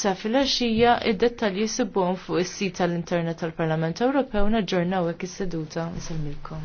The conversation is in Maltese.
sa fil-axija id-dettalji sibbon fuq is-sit tal-internet tal-Parlament Ewropew naġġornaw hekk is-seduta nsemilkom.